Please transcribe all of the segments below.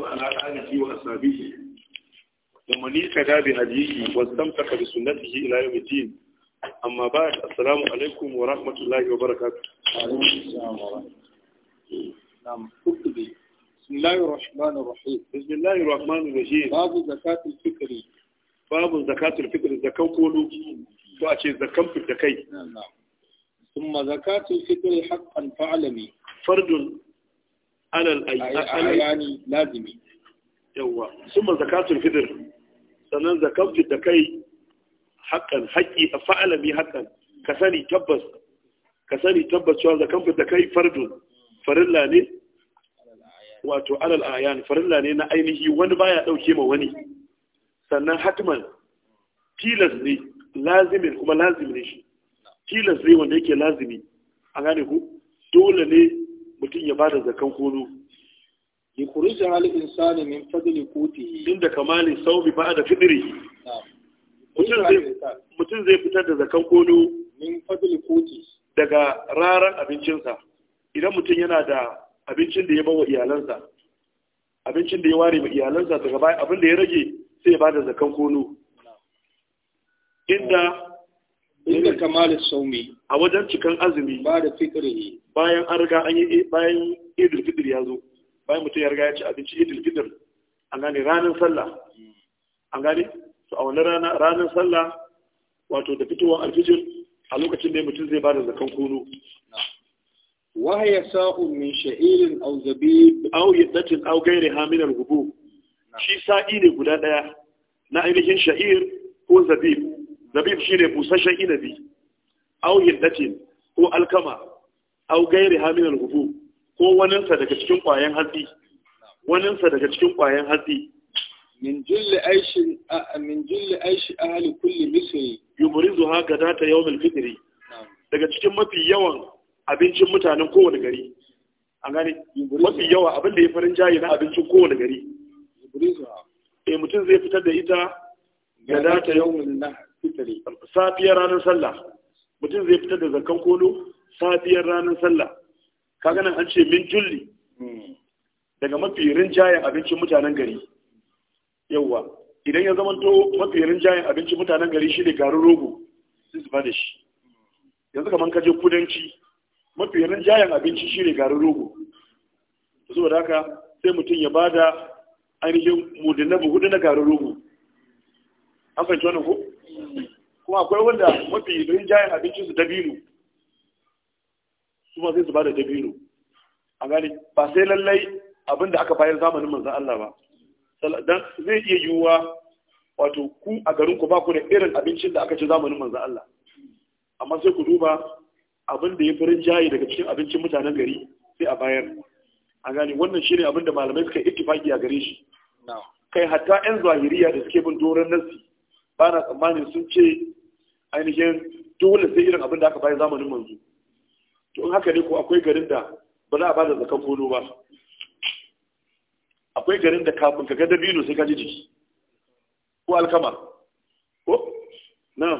وعلى آله وأصحابه ومن بهديه واستمسك بسنته إلى يوم الدين أما بعد السلام عليكم ورحمة الله وبركاته نعم بسم الله الرحمن الرحيم بسم الله الرحمن الرحيم باب زكاة الفكر باب زكاة الفكر زكاة قولوا وأشي زكاة في الزكاة ثم زكاة الفكر حقا فعلمي فرد alal alani lazimi yawa summa zakatul fitr sannan zakatul da kai haƙƙan haƙƙi a fa'alami haƙƙan ka sani tabbas ka sani tabbas cewa zakan da kai fardun farilla ne wato alal'ayan ayan farilla ne na ainihi wani baya ɗauke ma wani sannan hatman tilas ne lazimin kuma lazimin ne shi tilas ne wanda yake lazimi a gane ku dole ne mutum ya bada zakan kono li khurija al insani min fadli quti inda kamali sau bi ba da fidiri mutum zai fitar da zakan kono min fadili kuti daga raran abincinsa idan mutum yana da abincin da ya bawa iyalansa abincin da ya ware ma iyalansa daga baya abin da ya rage sai ya bada zakan kono inda inda kamar saumi a wajen cikin azumi ba da fikiri bayan an riga an yi bayan idul fitr ya zo bayan mutum ya riga ya ci abinci idul fitr an gane ranar sallah an gane to a wani rana ranar sallah wato da fitowar alfijir a lokacin da mutum zai bada zakan kunu. wahaya sa'un min sha'irin aw zabib aw yaddatin aw ghayriha min al shi sa'i ne guda daya na ainihin sha'ir ko zabib zabib shi ne busasshen inabi au yaddatin ko alkama au gairi haminal hubu ko waninsa daga cikin kwayan hatsi waninsa daga cikin kwayan hatsi min julli aishi min julli aishi ahli kulli misri yumrizu haka data yawmil fitri daga cikin mafi yawan abincin mutanen kowane gari an gane mafi yawa abin da ya farin jayi na abincin kowane gari eh mutum zai fitar da ita ga data yawmil nahar fitri safiyar ranar sallah mutum zai fitar da zakan kolo safiyar ranar sallah kaga nan an ce min julli daga mafi rinjayen abincin mutanen gari Yauwa, idan ya zama to mafi rinjayen abincin mutanen gari shi ne garin rogo sun zuba da shi yanzu kamar kaje kudanci mafi rinjayen abinci shi ne garin rogo da haka sai mutum ya ba da ainihin mudin na buhudu na garin rogo an fahimci wannan ko kuma akwai wanda mafi rinjayen abincin su dabino su ma sai su bada dabino a gani ba sai lallai abinda aka bayar zamanin manzan Allah ba don zai iya yiwuwa wato ku a garin ku ba ku da irin abincin da aka ci zamanin manzan Allah amma sai ku duba abin da ya fi rinjaye daga cikin abincin mutanen gari sai a bayar a gani wannan shi abin da malamai suka ittifaki a gare shi kai hatta yan zahiriya da suke bin doron nassi Bana tsammanin sun ce ainihin dole sai irin abin da aka bayan zamanin manzo to in haka ne ko akwai garin da ba za a ba da zakan gono ba akwai garin da kafin ka ga dabino sai ka ji jiki ko alkama ko na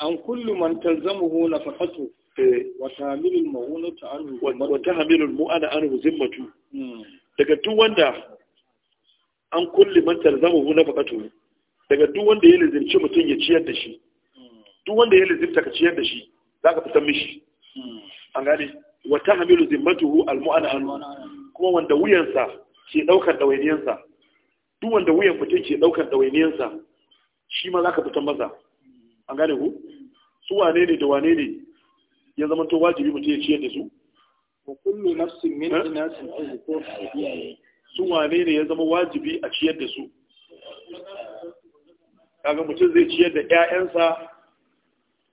an kullu man talzamuhu nafaqatu eh. wa tahmilul Wata anhu wa tahmilul mu'ana anhu zimmatu hmm. daga duk wanda an kulli man talzamuhu nafaqatu daga duk wanda ya lizirci mutum ya ciyar da shi duk wanda ya lizirta ka ciyar da shi za ka fitan mishi an gane wata hamilu zimmatuhu almu'ana hannu kuma wanda wuyansa ke ɗaukar ɗawainiyansa duk wanda wuyan mutum ke ɗaukar ɗawainiyansa shi ma za ka fitan masa an gane ku su wane ne da wane ne ya zama to wajibi mutum ya ciyar da su wa kullu nafsin min inasin su wane ne ya zama wajibi a ciyar da su kaga mutum zai ciyar da ƴaƴansa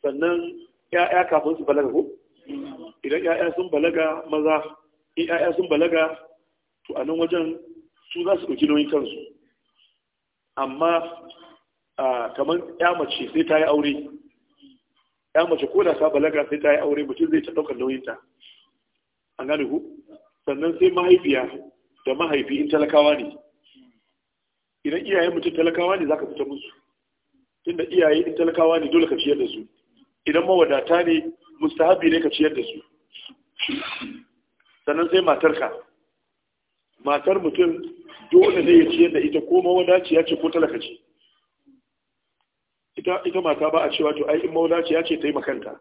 sannan ƴaƴa kafin su balaga ko idan ƴaƴa sun balaga maza in ƴaƴa sun balaga to a nan wajen su za su ɗauki nauyin kansu amma kamar ƴa mace sai ta yi aure ƴa mace ko da ta balaga sai ta yi aure mutum zai ta ɗaukar nauyin ta, an gane ku sannan sai mahaifiya da mahaifi in talakawa ne idan iyayen mutum talakawa ne za ka fita musu tunda iyaye in talakawa ne dole ka ciyar da su idan mawadata ne mustahabi ne ka ciyar da su sannan sai matarka matar mutum dole ne ya ciyar da ita ko mawadaciya ce ko talakaci ita ita mata ba a cewa to ai in mawadaciya ce ta yi makanta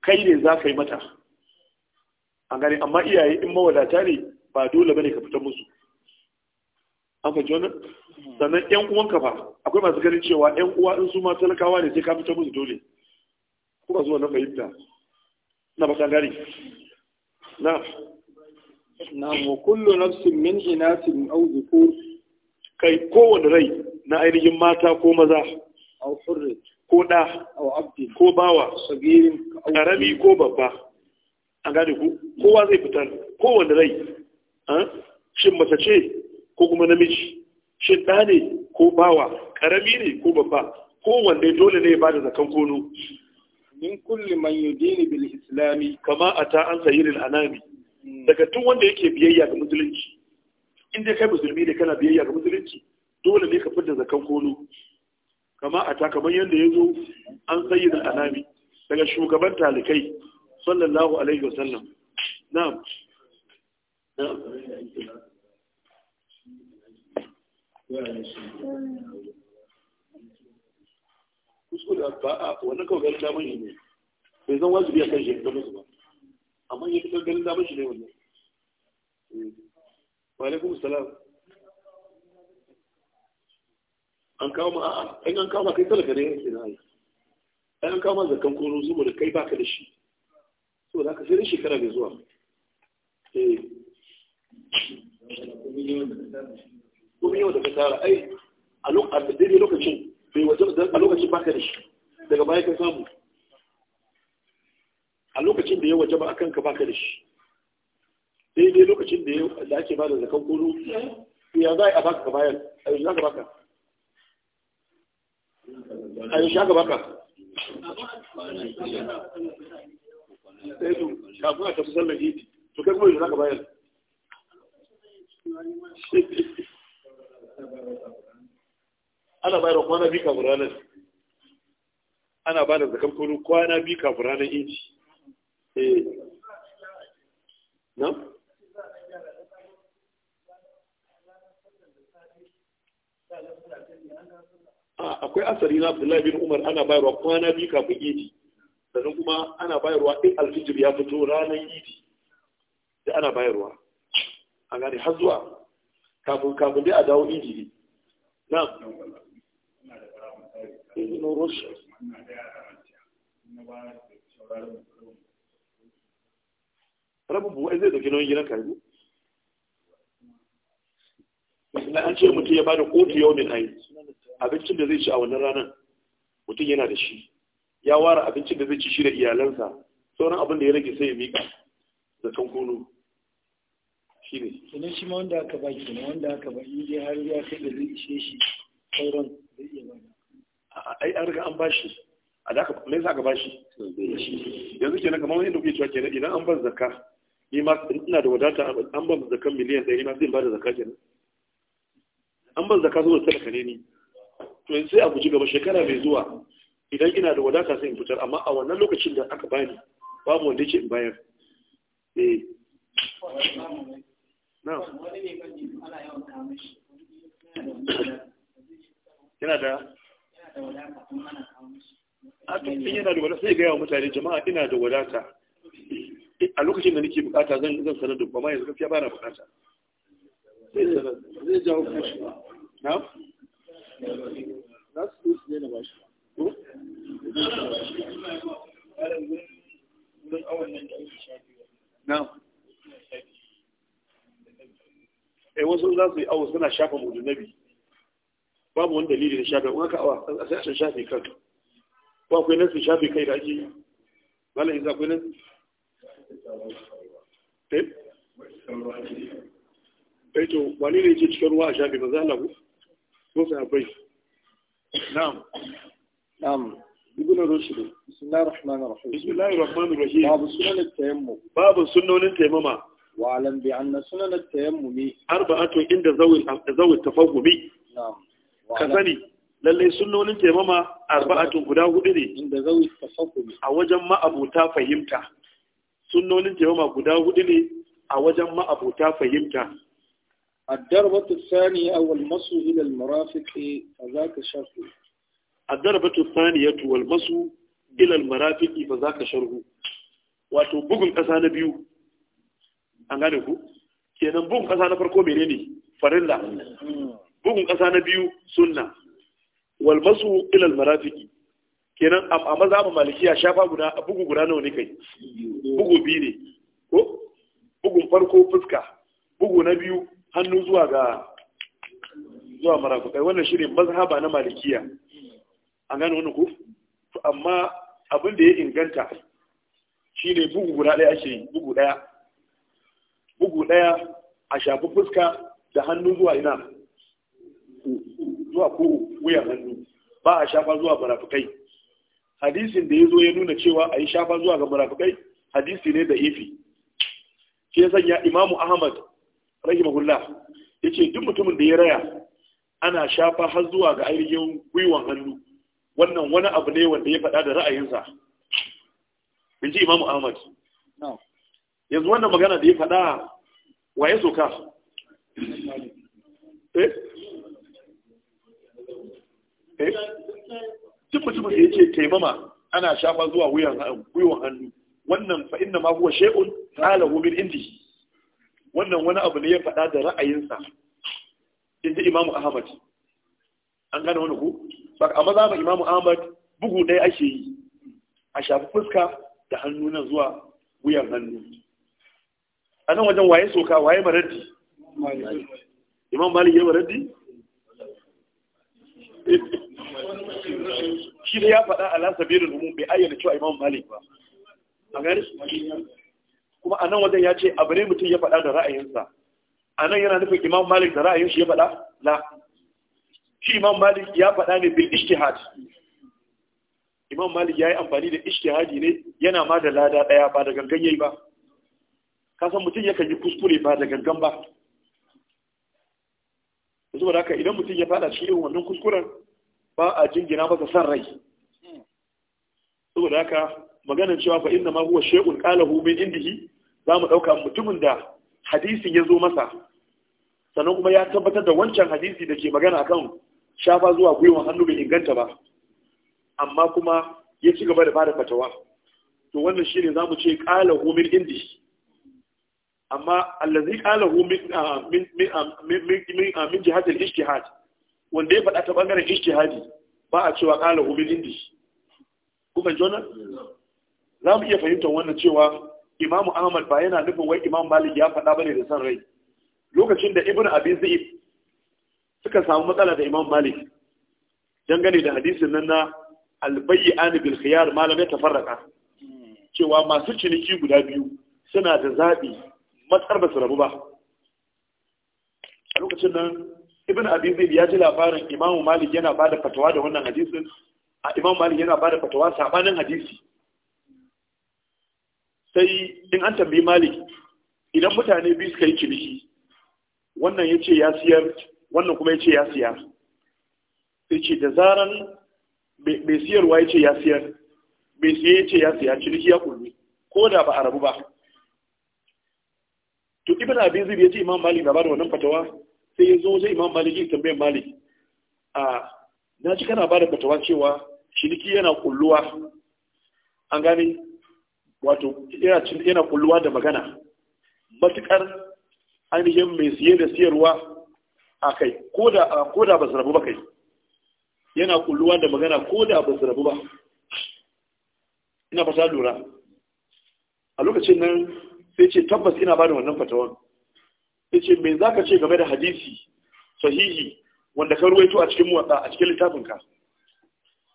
kai ne za ka yi mata an gani amma iyaye in mawadata ne ba dole bane ka fita musu an fahimci wannan sannan yan uwan ka fa akwai masu ganin cewa yan uwa in su ma talakawa ne sai ka fita musu dole ko ba zuwa na fahimta na ba gari na na mu kullu nafsin min inatin aw dhukur kai wani rai na ainihin mata ko maza aw furri ko da aw abdi ko bawa sagirin karami ko babba an gane ku kowa zai fitar wani rai shin mace ce ko kuma namiji shin ɗa ne ko bawa ƙarami ne ko babba ko wanda dole ne ya bada zakan kono min kulli man yudini bil islami kama ata an sayyidil anami daga tun wanda yake biyayya ga musulunci in dai kai musulmi ne kana biyayya ga musulunci dole ne ka fidda zakan kono kama ata kamar yadda ya zo an sayyidil anami daga shugaban talikai sallallahu alaihi wasallam na'am na'am kuskure ba a wannan kawai ganin damar shi ne bai zan wajibi a kan shi ga musu ba amma ya fitar ganin damar shi ne wannan eh. wa alaikum salam an kawo ma a'a in an kawo ma kai talaka ne yake na ai an kawo ma zakan koro saboda kai baka da shi saboda haka sai dai shekara mai zuwa eh kuma yau da ka tara ai a daidai lokacin bai wajen a lokacin baka da shi daga baya ka samu a lokacin da ya waje ba a kanka baka da shi daidai lokacin da da ake ba da zakan kuru ya za a baka bayan a yanzu aka baka a yanzu aka baka sai su kafin a tafi sallar idi to kai kuma yanzu aka bayan ana bayar kwana biyu kafin ranar ana ba da zakar kolo kwana biyu kafin ranar inci eh na? akwai asali na abdullahi bin umar ana bayarwa kwana biyu kafin idi sannan kuma ana bayarwa ɗin alfijir ya fito ranar idi da ana bayarwa a gane har zuwa kafin kafin dai a dawo injini na izinin rushe rabin buwa zai zafi nauyin gidan karbi na an ce mutum ya bada kotu yau min ayi abincin da zai ci a wannan ranar mutum yana da shi ya ware abincin da zai ci shi da iyalansa sauran abin da ya rage sai ya miƙa da kono shi ne shi ma wanda aka ba ne wanda aka ba in dai har ya kai da zai ishe shi sauran zai iya bana ai an riga an ba shi a da me za ka ba shi yanzu kenan kamar wani da kuke cewa kenan idan an ba zakka ni ma ina da wadata an ba zakkan miliyan ɗaya ina zai ba da zakka kenan an ban zakka zuwa talaka ne ni to yanzu sai a guji gaba shekara mai zuwa idan ina da wadata sai in fitar amma a wannan lokacin da aka bani babu wanda yake in bayar eh yana da a yana da wadata sai gaya wa mutane jama'a ina da wadata a lokacin da nake bukata zan zan sanar da kuma yanzu gaskiya bana bukata zai jawo kashi na su ne da bashi na ai eh, wasu za su yi awo suna shafa mudu nabi babu wani dalili da shafe wani ka awa a sai a shafe kan ko akwai nan su shafe kai da ake yi malam isa akwai nan ɗai eh? eh, to wani ne ce cikin ruwa a shafe ba za lagu ko sai akwai na'am na'am ibn rushd bismillahir rahmanir rahim bismillahir rahmanir rahim babu sunan tayammum babu sunnonin tayammuma واعلم بأن سنن التيمم أربعة عند ذوي ذوي التفوق نعم كثني sunnonin taimama arba'atun guda hudu ne inda a wajen ma'abuta fahimta sunnonin guda hudu ne a wajen ma'abuta fahimta الدربة الثانية أو المسو إلى المرافق فذاك wato bugun ƙasa na biyu an gane ku kenan bugun ƙasa na farko ne, farilla bugun ƙasa na biyu sunna wal masu ilal marafiki kenan a maza ma malikiya shafa guda bugu guda nawa ne kai bugu biyu ne ko bugun farko fuska bugu na biyu hannu zuwa ga zuwa marafukai wannan shi ne mazhaba na malikiya an gane wani ku amma abin da ya inganta shi ne bugu guda ɗaya ake yi bugu ɗaya bugu ɗaya a shafi fuska da hannu zuwa ina zuwa ko wuyan hannu ba a shafa zuwa barafukai hadisin da ya zo ya nuna cewa a yi shafa zuwa ga barafukai hadisi ne da ifi ke sanya imamu ahmad mahulla ya ce duk mutumin da ya raya ana shafa har zuwa ga ainihin gwiwan hannu wannan wani abu ne wanda ya faɗa da ra'ayinsa in ji imamu ahmad yanzu wannan magana da ya faɗa ya soka eh eh duk mutumin da ya ce taimama ana shafa zuwa wuyan hannu wannan fa inna ma huwa shay'un qalahu indi wannan wani abu ne ya faɗa da ra'ayinsa inda imamu ahmad an gane wani ku ba amma za mu imamu ahmad bugu ɗaya ake yi a shafi fuska da hannu zuwa wuyan hannu a nan wajen waye soka waye maradi imam malik ya maradi shi da ya faɗa ala sabirin umum bai ayyana cewa imam malik ba a gani kuma a nan wajen ya ce abu ne mutum ya faɗa da ra'ayinsa a nan yana nufin imam malik da ra'ayin shi ya faɗa la shi imam malik ya faɗa ne bil ishtihad imam malik ya yi amfani da ishtihadi ne yana ma da lada ɗaya ba da gangan yayi ba kasan mutum yakan yi kuskure ba da gangan ba da haka idan mutum ya fada cikin irin wannan kuskuren ba a jingina masa san rai saboda haka maganar cewa fa inna ma huwa shay'un qalahu min indihi mu dauka mutumin da hadisin ya zo masa sannan kuma ya tabbatar da wancan hadisi da ke magana akan shafa zuwa gwiwan hannu bai inganta ba amma kuma ya ci gaba da bada fatawa to wannan shine mu ce qalahu min indihi amma allazi qalahu min ah, min ah, ah, min jihad al-ijtihad wanda ya fada ta bangaren ijtihadi ba a cewa qalahu min indi kuma jona za mu iya fahimtar wannan cewa Imam Ahmad ba yana nufin wai Imam Malik ya fada bane da san rai lokacin da ibnu Abi Zaid suka samu matsala da Imam Malik dangane da hadisin nan na albayyan bil khiyar malam ya tafarraka cewa masu ciniki guda biyu suna da zaɓi matsar ba su rabu ba a lokacin nan ibn abi ya ji labarin imam malik yana ba da fatawa da wannan hadisin a imam malik yana ba da fatawa sabanin hadisi sai in an tambayi malik idan mutane biyu suka yi ciniki wannan ya ce ya siyar wannan kuma ya ce ya siya sai ce da zaran mai siyarwa ya ce ya siyar mai siya ya ce ya siya ciniki ya kulmi ko da ba a rabu ba to ibn abin zai ya ce imam malik na bada wannan fatawa sai ya zo wajen imam malik ya tambayar malik a na ji kana bada fatawa cewa shiriki yana kulluwa an gane wato yana kulluwa da magana matukar ainihin mai siye da siyarwa a kai ko da ba su rabu ba kai yana kulluwa da magana ko da ba su rabu ba ina fata lura a lokacin nan sai ce tabbas ina bada wannan fatawan sai ce me za ka ce game da hadisi sahihi wanda ka ruwaito a cikin muwatsa a cikin littafinka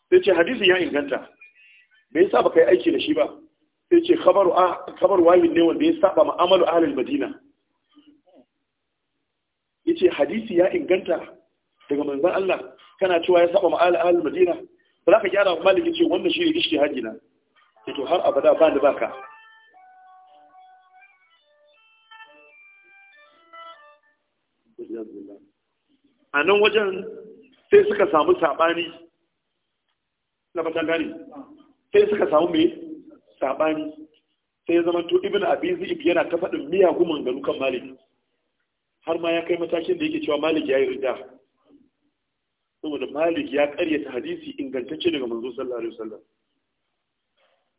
sai ce hadisin ya inganta me yasa baka yi aiki da shi ba sai ce khabaru a wahin ne wanda ya saba ma'amalu ahlul madina yace hadisi ya inganta daga manzon Allah kana cewa ya saba ma'amalu ahlul madina ba za ka gyara maliki ce wannan shi ne ishti na? to har abada ba da baka a nan wajen sai suka samu saɓani na fatan gani sai suka samu mai saɓani sai zama to ibn abi ibi yana ta faɗin miyagun ga kan maliki har ma ya kai matakin da yake cewa malik ya yi rida saboda malik ya karyata hadisi ingantacce daga manzo sallallahu alaihi wasallam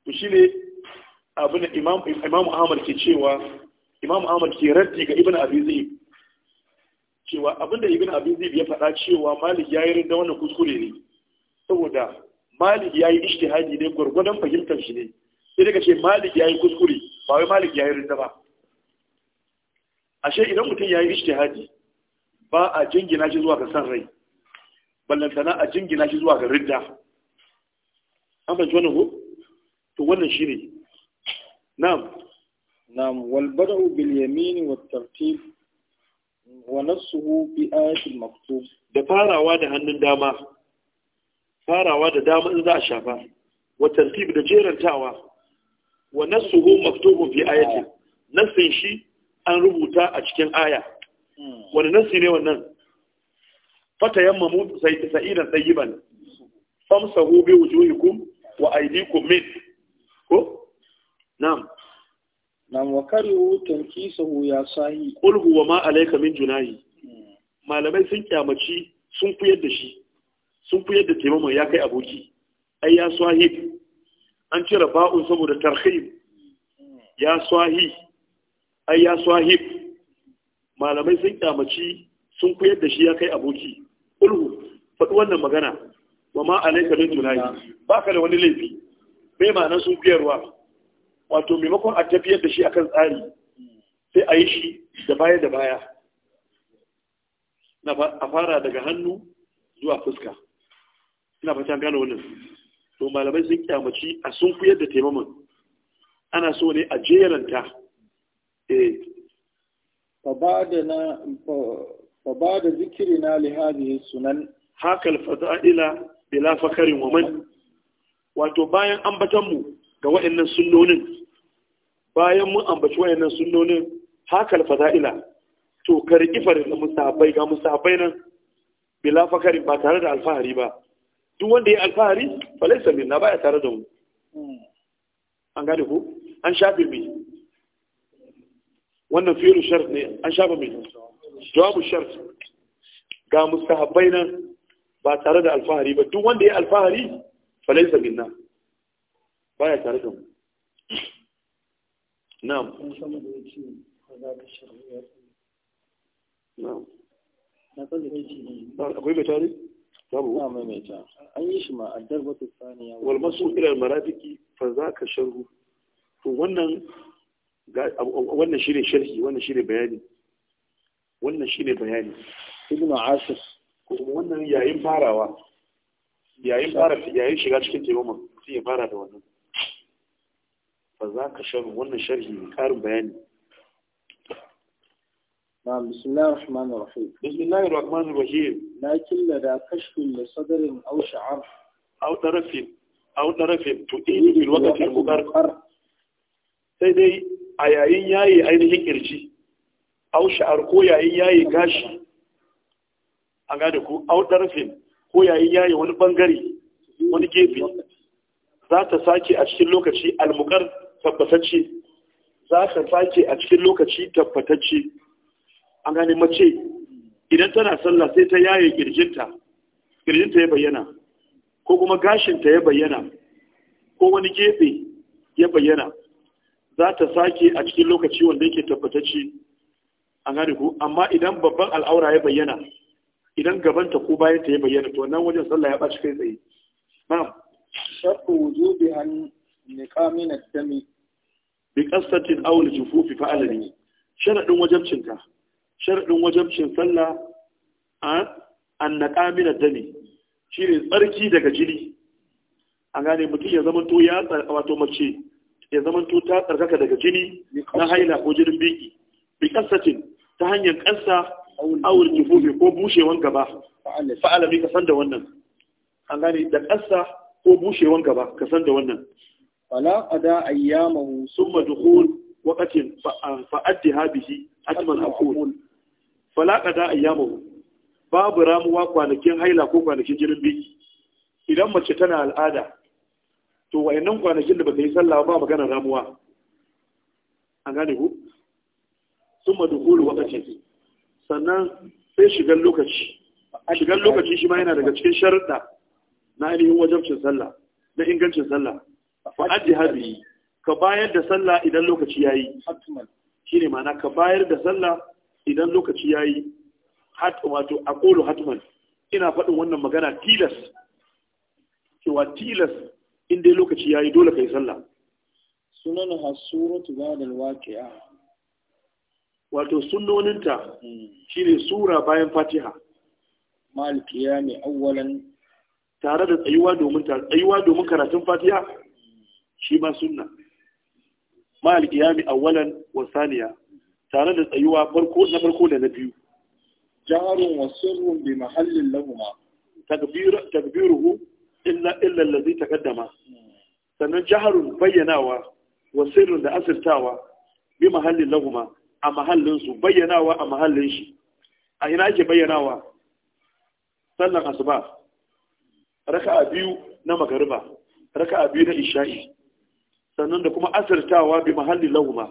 to shine abin imam imam ahmad ke cewa imam ahmad ke raddi ga ibn abi zaib cewa abinda ibn abin zai ya faɗa cewa malik ya yi rinda wannan kuskure ne saboda malik ya yi ishtihadi ne gwargwadon fahimtar shi ne sai daga ce malik ya yi kuskure ba wai malik ya yi rinda ba ashe idan mutum ya yi ishtihadi ba a jingina shi zuwa ga san rai ballantana a jingina shi zuwa ga rinda an fahimci wannan ko to wannan shi ne na'am na'am wal bil yamin wat tartib da farawa da hannun dama farawa da dama in za a shafa wa tartib da jerantawa wa nasuhu maktubun fi ayati nasin shi an rubuta a cikin aya hmm. wani nasi ne wannan fata yamma mu sai sa'idan tayyiban famsahu bi wujuhikum wa aydikum min ko na'am nan wa karihu tankisahu ya sahi Kulhu wa ma alayka min junahi malamai sun kyamaci sun fi da shi sun fuyar da taimama ya kai aboki ai ya sahi an cire ba'un saboda tarhib ya sahi ai ya sahi malamai sun kyamaci sun fi da shi ya kai aboki Kulhu, faɗi wannan magana wa ma alayka min junahi baka da wani laifi bai ma nan sun kuyarwa. wato maimakon a tafiyar da shi akan tsari sai a yi shi da baya da baya a fara daga hannu zuwa fuska ina fata gano wannan to malamai sun kyamaci a sun kuyar da taimaman ana so ne a jeranta eh ba da zikiri na lihari sunan hakal fata'ila bila fakarin wa man wato bayan ambatanmu ga waɗannan sunnonin bayan mun ambaci wayannan sunnonin hakal fada'ila to karki riƙi farin musabbai ga musabbai nan bila fakari ba tare da alfahari ba duk wanda ya alfahari fa falaisa minna baya tare da mu an gane ku an shafe mai wannan fi'lu shart ne an shafe mai jawabu shart ga mustahabbai nan ba tare da alfahari ba duk wanda ya alfahari fa falaisa minna baya tare da mu na'am na'am na maimaita an yi shi ma za ka wannan wannan shine bayani wannan yayin farawa yayin shiga cikin da wannan fa za ka shan wannan sharhi ne karin bayani na bismillahir rahmanir rahim bismillahir rahmanir rahim na killa da kashin da sadarin aw sha'ar aw tarafin aw tarafin to ini bil waqtil muqarrar sai dai a yayin yayi ainihin ƙirji, aw sha'ar ko yayin yayi gashi A gane ku aw tarafin ko yayin yayi wani bangare wani gefe za ta sake a cikin lokaci almukar tabbatacce za ta sake a cikin lokaci tabbatacce an gane mace idan tana sallah sai ta yaye kirjinta kirjinta ya bayyana ko kuma gashinta ya bayyana ko wani gefe ya bayyana za ta sake a cikin lokaci wanda yake tabbatacce an gane ku amma idan babban al'aura ya bayyana idan gabanta ko bayanta ya bayyana to nan wajen sallah ya ɓaci kai tsaye na'am shakku wujubi an niqamin ad-dami bi qassatin aw jufufi fa alani sharadin wajabcinka sharadin wajabcin sallah an naqa min ad-dami shine tsarki daga jini an gane mutum ya zama to ya wato mace ya zama to ta tsarkaka daga jini na haila ko jirin biki bi qassatin ta hanyar kansa aure jufufi ko bushewan gaba fa ka san da wannan an gane da kasa ko bushewan gaba ka san da wannan fala qada ayyamahu thumma dukhul waqatin fa addiha bihi a aqul fala qada ayyamahu babu ramuwa kwanakin haila ko kwanakin jinin biki idan mace tana al'ada to wayannan kwanakin da bata sallah ba magana ramuwa an gane ku thumma dukhul sannan sai shigar lokaci shigar lokaci shi yana daga cikin sharuɗa na ainihin wajabcin sallah na ingancin sallah fa ka bayar da sallah idan lokaci yayi shine ma'ana ka bayar da sallah idan lokaci yayi hat wato aqulu hatman ina faɗin wannan magana tilas cewa tilas in dai lokaci yayi dole kai sallah sunan hasuratu ba'dal waqi'a wato sunnoninta hmm. shine sura bayan fatiha mal qiyami awwalan tare da tsayuwa domin tsayuwa domin karatun fatiha shi ma sunna ma alqiyami awwalan wa saniya tare da tsayuwa farko na farko da na biyu jarun wa sirrun bi mahallin lahuma takbir takbiruhu illa illa allazi taqaddama sannan jaharun bayyanawa wa sirrun da asirtawa bi mahallin lahuma a mahallin su bayyanawa a mahallin shi a ina ake bayyanawa sallan asuba raka'a biyu na magariba raka'a biyu na isha'i sannan da kuma asirtawa bi mahallin lahuma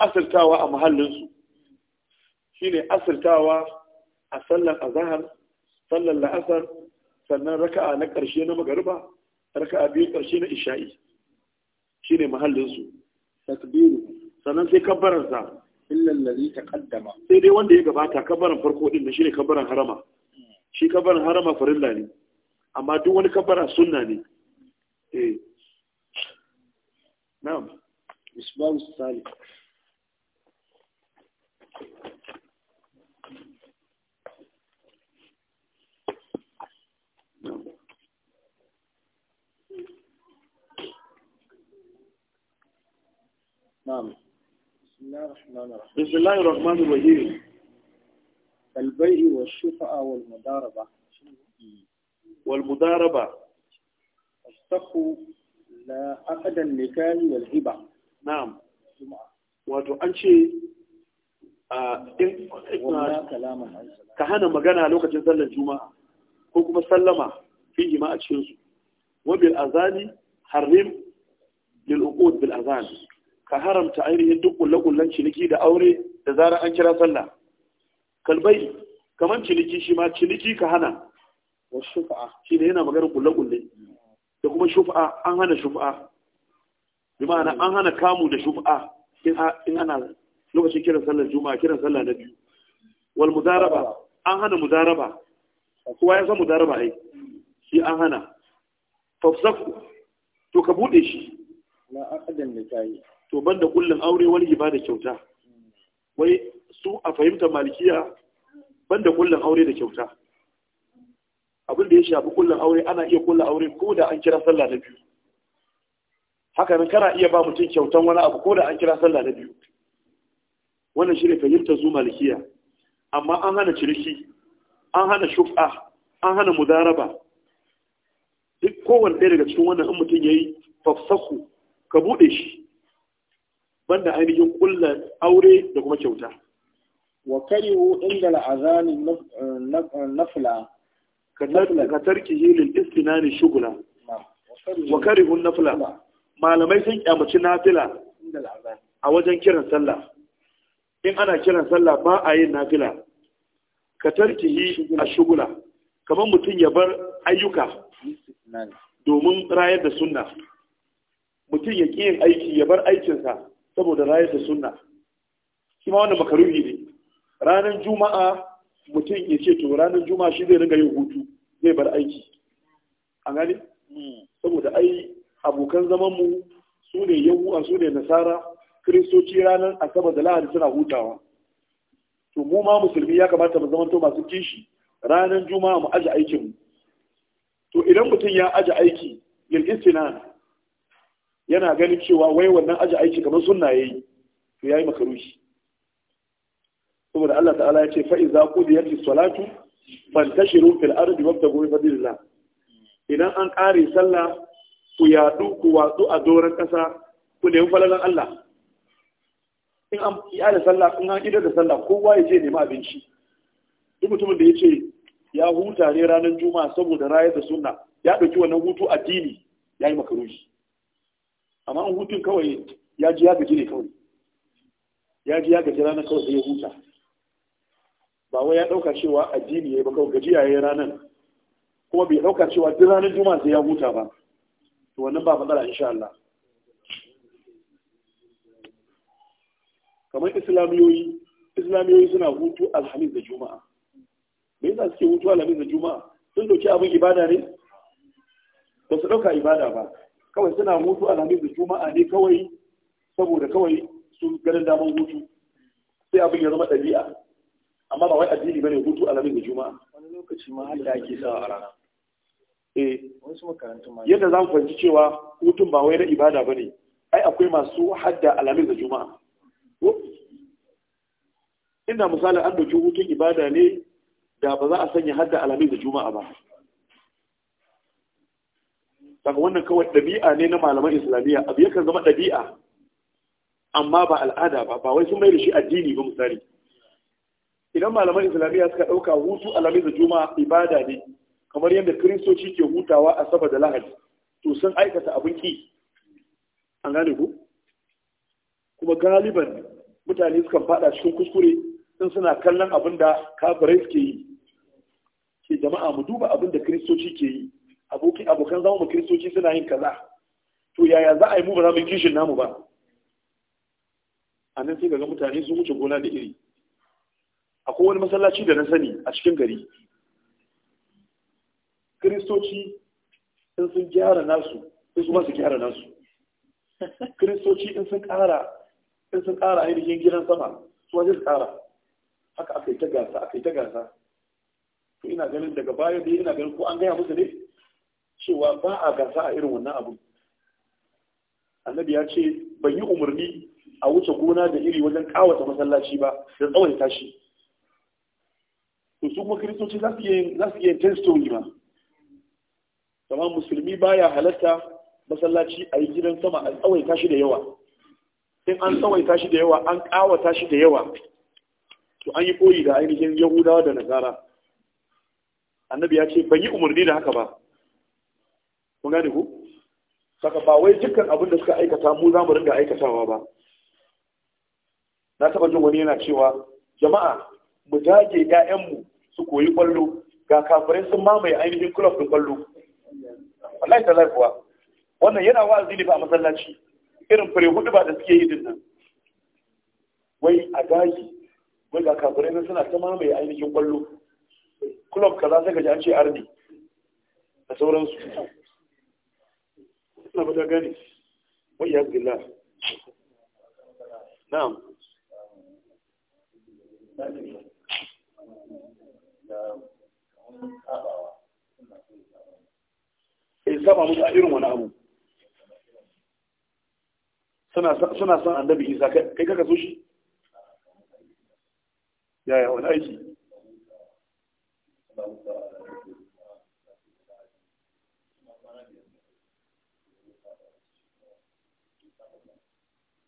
asirtawa a mahallinsu shi ne asirtawa a sallar azahar sallar la'asar sannan raka'a na ƙarshe na magariba raka'a biyu ƙarshe na isha'i shi ne mahallinsu takbiru sannan sai kabbaransa illallari ta kaddama sai dai wanda ya gabata kabbaran farko din da shi ne kabbaran harama shi kabbaran harama farilla ne amma duk wani kabbara sunna ne eh نعم الاسباب الثالث نعم. نعم بسم الله الرحمن الرحيم بسم الله الرحمن الرحيم البيع والشفاء والمضاربة والمضاربة السخو la aqdan nikahi wal hiba na'am wato an ce ka hana magana lokacin sallar juma'a ko kuma sallama fi ma a cikin su wa bil azani harim lil uqud bil azan ka haramta ainihin duk kullakullan ciniki da aure da zarar an kira sallah kalbai kaman ciniki shi ma ciniki ka hana wasu fa'a shi ne yana maganar kullakulle da kuma shufa an hana shufa bi ma'ana an hana kamu da shufa in ana lokacin kiran sallar juma'a kiran sallah na biyu wal mudaraba an hana mudaraba kowa ya san mudaraba ai shi an hana fafsaku to ka bude shi na aqdan da tayi to banda kullun aure wal ibada kyauta hmm. wai su a fahimta malikiya banda kullun aure da kyauta abin da ya shafi kullum aure ana iya kullum aure ko da an kira sallah na biyu haka nan kana iya ba mutum kyautan wani abu ko da an kira sallah na biyu wannan shi ne fahimtar zu malikiya amma an hana ciriki, an hana shuf'a an hana mudaraba duk kowane ɗaya daga cikin wannan in mutum ya yi fafsaku ka buɗe shi banda ainihin kulla aure da kuma kyauta wa karihu inda al'azani ka tarki hilin istinani shugula wa karihun nafila malamai sun kyamaci nafila a wajen kiran sallah in ana kiran sallah ba a yin nafila ka tarki a shugula kamar mutum ya bar ayyuka domin rayar da sunna mutum ya ƙi yin aiki ya bar aikinsa saboda rayar da sunna shi ma wannan makaruhi ne ranar juma'a mutum ya ce to ranar juma shi zai ringa yin hutu zai bar aiki a gani hmm. saboda ai abokan zaman mu su ne yahuwa su ne nasara kiristoci ranar asabar da lahadi suna hutawa to mu ma musulmi ya kamata mu zamanta masu kishi ranar juma'a mu aje aikin mu to idan mutum ya aje aiki yin istina yana ganin cewa wai wannan aje aiki kamar sunna yayi to yayi makarushi saboda Allah ta'ala ya ce fa iza qudiyati salatu fantashiru fil ardi wabtagu min fadlillah idan an ƙare sallah ku yadu ku watsu a doron ƙasa ku nemi falalan Allah in an iyada sallah in an idar da sallah kowa ya je nemi abinci duk mutumin da ya ce ya huta ne ranar juma'a saboda rayar da sunna ya ɗauki wannan hutu addini ya yi makaroni. amma an hutun kawai ya ji ya gaji ne kawai ya ji ya gaji ranar kawai sai ya huta ba wai ya ɗauka cewa addini ya ba kawai gajiya ya yi ranar kuma bai ɗauka cewa duk ranar juma'a sai ya huta ba to wannan ba matsala insha Allah kamar islamiyoyi islamiyoyi suna hutu alhamis da juma'a me yasa suke hutu alhamis da juma'a sun dauki abin ibada ne ba su dauka ibada ba kawai suna hutu alhamis da juma'a ne kawai saboda kawai sun ganin daman hutu sai abin ya zama ɗabi'a amma ba wai addini bane hutu a da juma'a wani lokaci ma har da ake sa a rana eh wasu makarantun ma yadda zan fahimci cewa hutun ba wai na ibada bane ai akwai masu hadda a da juma'a ina misalin an dauki hutun ibada ne da ba za a sanya hadda a da juma'a ba daga wannan kawai ɗabi'a ne na malaman islamiyya abu yakan zama ɗabi'a amma ba al'ada ba ba wai sun mai da shi addini ba misali idan malaman islamiyya suka ɗauka hutu alamis da juma'a ibada ne kamar yadda kiristoci ke hutawa a saba da lahadi to sun aikata abin ki an gane ku kuma galiban mutane sukan fada cikin kuskure sun suna kallon abin da kafirai suke yi ke jama'a mu duba abin da kiristoci ke yi abokin abokan zama mu kiristoci suna yin kaza to yaya za a yi mu ba za mu kishin namu ba a nan sai ga mutane sun wuce gona da iri akwai wani masallaci da na sani a cikin gari kiristoci in sun gyara nasu in su masu gyara nasu kiristoci in sun ƙara in sun kara ainihin gidan sama su wajen su ƙara haka aka yi ta gasa aka yi ta gasa to ina ganin daga baya dai ina ganin ko an gaya musu ne cewa ba a gasa a irin wannan abu annabi ya ce ban yi umarni a wuce gona da iri wajen kawata masallaci ba da tsawaita shi su kuma kiristoci za su iya ten story ma kama musulmi baya halatta masallaci a yi gidan sama a tsawaita shi da yawa in an tsawaita shi da yawa an kawata shi da yawa to an yi koyi da ainihin yahudawa da nazara annabi ya ce ban yi umarni da haka ba kun gane ku saka ba wai dukkan abin da suka aikata mu za mu ringa aikatawa ba na taɓa jin wani yana cewa jama'a mu dage 'ya'yanmu su koyi kwallo ga kafirai sun mamaye ainihin club din kwallo wallahi ta kuwa wannan yana wa'azi ne ba a masallaci irin fure hudu ba da suke yi din nan wai a daji wai ga kafirai nan suna ta mamaye ainihin kwallo club kaza sai ka ji an ce arni da sauransu suna ba ta gani. wai ya billah na'am sabawa eh, in saba musu a irin wani abu suna son annabi isa kai kaka so shi yaya wani aiki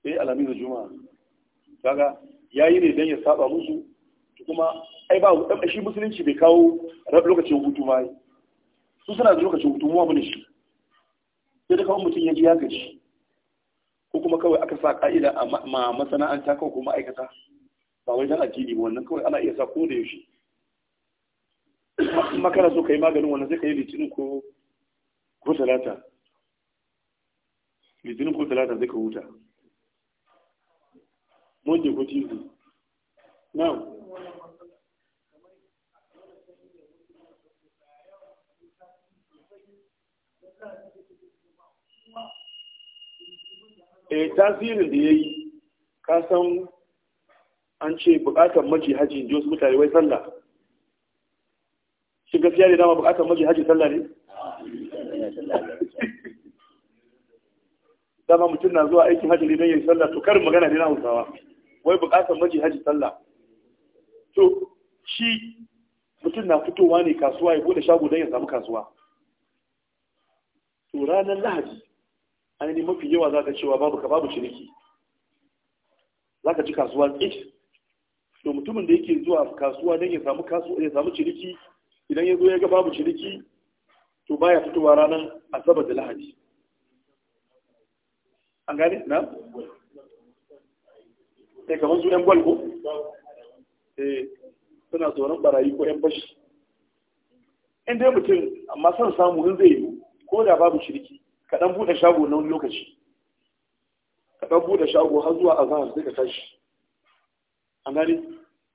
eh alamin da juma'a kaga yayi ne don ya saba musu kuma ai ba shi musulunci bai kawo lokacin hutu ba su suna da lokacin hutu mu da shi sai da kawai mutum ya ji ya gaji ko kuma kawai aka sa ka'ida a masana'anta kawai kuma aikata ba wai dan addini ba wannan kawai ana iya sa ko da yaushe in makara so ka yi maganin wannan sai ka yi litinin ko ko talata litinin ko talata zai ka huta mun je ko tizi na'am eh tasirin da yayi ka san an ce bukatar maji haji in ji wasu mutane wai sallah shi gaskiya ne dama bukatar maji haji sallah ne dama mutum na zuwa aikin haji ne don yin sallah to karin magana ne na hausawa wai bukatar maji haji sallah to shi mutum na fitowa ne kasuwa ya bude shago don ya samu kasuwa to ranar lahadi ainihin mafi yawa za ka cewa babu ka babu ciniki za ka ci kasuwa ƙish to mutumin da yake zuwa kasuwa don ya samu kasuwa ya samu ciniki idan ya zo ya ga babu ciniki to baya fitowa ranar asabar da lahadi an gane na? sai eh, kamar su 'yan gwal ko? eh suna tsoron barayi ko 'yan bashi Inda dai mutum amma son samu zai yi ko da babu shiriki. ka dan bude shago na wani lokaci ka dan bude shago har zuwa zahar sai ka tashi an gani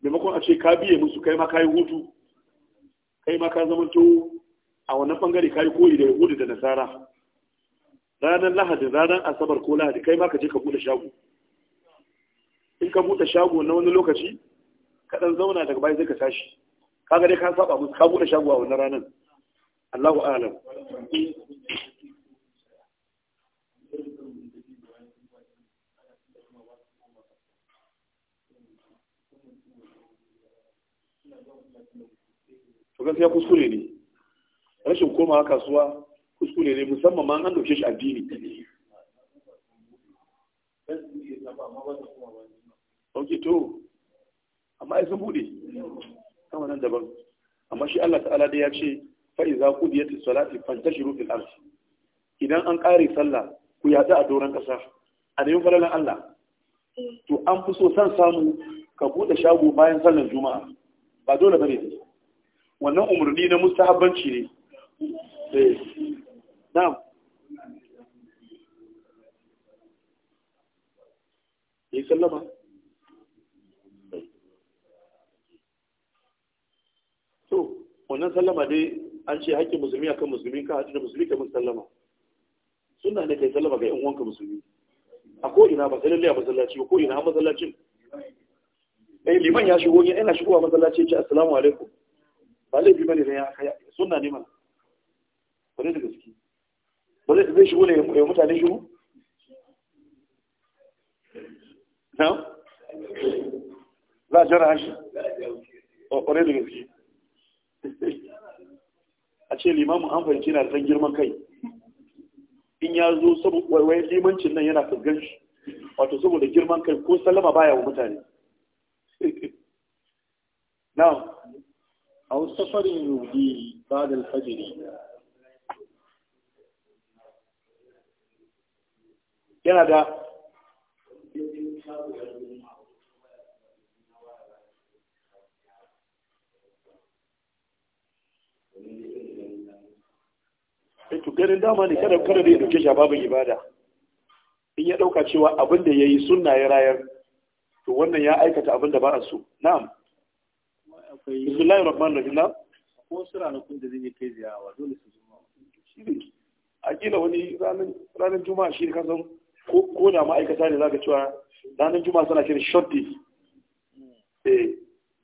maimakon a ce ka biye musu kai ma ka yi hutu kai ma ka zamanto a wannan bangare ka yi koyi da yahudu da nasara ranar lahadi ranar asabar ko lahadi kai ma ka je ka bude shago in ka bude shago na wani lokaci ka dan zauna daga baya zai ka tashi ka dai ka saba musu ka bude shago a wannan ranar Allahu a'lam to gaskiya kuskure ne rashin komawa kasuwa kuskure ne musamman ma an dauke shi addini Ok to, amma ai sun buɗe, kama nan daban. Amma shi Allah ta'ala da ya ce, fa'iza ku da salati fantashi rufin arsi. Idan an ƙare sallah, ku yaɗu a doron ƙasa, a da yin falalan Allah. To, an fi so san samu ka buɗe shago bayan sallan Juma'a. ba dole bane ne wannan umarni na mustahabbanci ne eh, na'am yi sallama to wannan sallama dai an ce haƙƙin musulmi akan musulmi ka haɗu da musulmi ka mun sallama suna ne kai sallama ga yan uwanka musulmi a ko'ina ba sai lallai a masallaci ba, ko'ina a masallacin eh liman ya shigo ina shigowa masallaci ya ce assalamu alaikum ba laifi bane da ya kai sunna ne mana bare da gaske bare zai shigo ne ya mutane shigo na za a jara shi bare oh, da gaske a ce limamin an fahimci na da girman kai in ya zo saboda wai limancin nan yana fuskan shi wato saboda girman kai ko sallama baya wa mutane na'am aw safarin yudi ba'da al-fajr yana da to garin dama ne kada kada da ya dauke shi babin ibada in ya dauka cewa abin da yayi sunna ya rayar to wannan ya aikata abin da ba a so na'am akwai bismillahir rahmanir rahim na ko sura na kun da zai yi kai ziyara dole su zuma shi a kila wani ranar juma'a shi kan san ko da ma'aikata ne za zaka cewa ranar juma'a suna kiran short day hmm. eh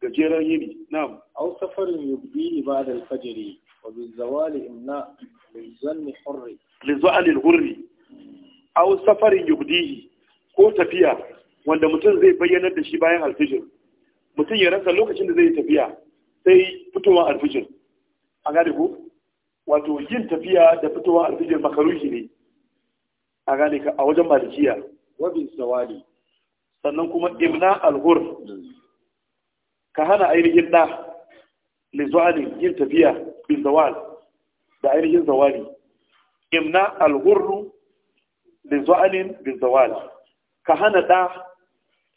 gajeren yini na'am au safarin yubdi ibada al-fajr wa bizawali imna zanni hurri lizali al-hurri hmm. au safarin yubdihi ko tafiya wanda mutum zai bayyanar da shi bayan alfijir mutum ya rasa lokacin da zai tafiya sai fitowa alfijir a gane ku? wato yin tafiya da fitowa alfijir makaruhi ne a gane ka a wajen malikiya wabin sawali sannan kuma imna alhur ka hana ainihin na lizuwanin yin tafiya bin zawal da ainihin zawali imna alhurru lizuwanin bin zawal ka hana da